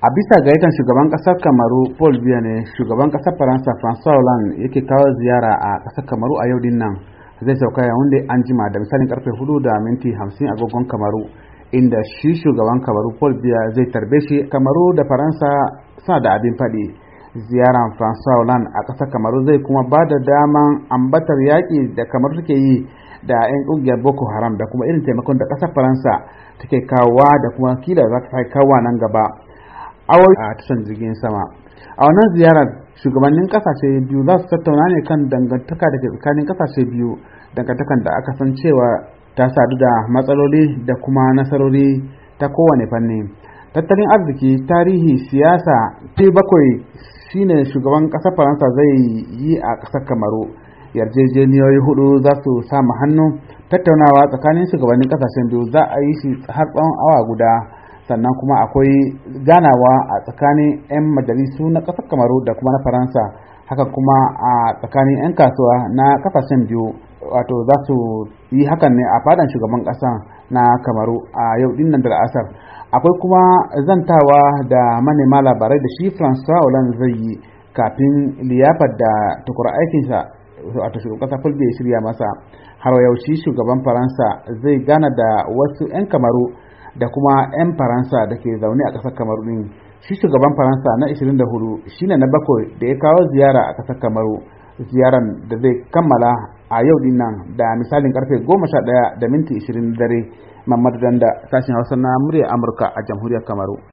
a bisa gaitan shugaban kasar kamaru paul biya ne shugaban kasar faransa francois hollande yake kawo ziyara a kasar kamaru a yau dinnan zai sauka yawon da an jima da misalin karfe hudu da minti hamsin agogon kamaru inda shi shugaban kamaru paul biya zai tarbe shi kamaru da faransa sa da abin faɗi ziyaran francois hollande a kasar kamaru zai kuma ba da daman ambatar yaƙi da kamaru suke yi da 'yan kungiyar boko haram da kuma irin taimakon da kasar faransa take kawowa da kuma kila za ta kawo nan gaba awoyi a tashan jirgin sama a wannan ziyarar shugabannin kasashe biyu za su tattauna ne kan dangantaka da ke tsakanin kasashe biyu dangantakan da aka san cewa ta sadu da matsaloli da kuma nasarori ta kowane fanni tattalin arziki tarihi siyasa ta bakwai shine shugaban ƙasar faransa zai yi a ƙasar kamaru yarjejeniyoyi hudu za su samu hannu tattaunawa tsakanin shugabannin kasashen biyu za a yi shi har tsawon awa guda sannan kuma akwai ganawa a tsakanin 'yan majalisu na ƙasar kamaru da kuma na faransa haka kuma a tsakanin 'yan kasuwa na kasashen biyu wato za su yi hakan ne a fadan shugaban ƙasa na kamaru a yau din nan da asar akwai kuma zantawa da manema labarai da shi francois hollande zai yi kafin liyafar da tukura aikinsa wato shugaban kasa fulbe ya shirya masa har yau shugaban faransa zai gana da wasu 'yan kamaru da kuma 'yan faransa da ke zaune a ƙasar kamaru ɗin shi shugaban faransa na 24 shine na bakwai da ya kawo ziyara a ƙasar kamaru ziyaran da zai kammala a yau din nan da misalin karfe 11 da minti 20 dare mamadu danda sashen hausa na murya amurka a jamhuriyar kamaru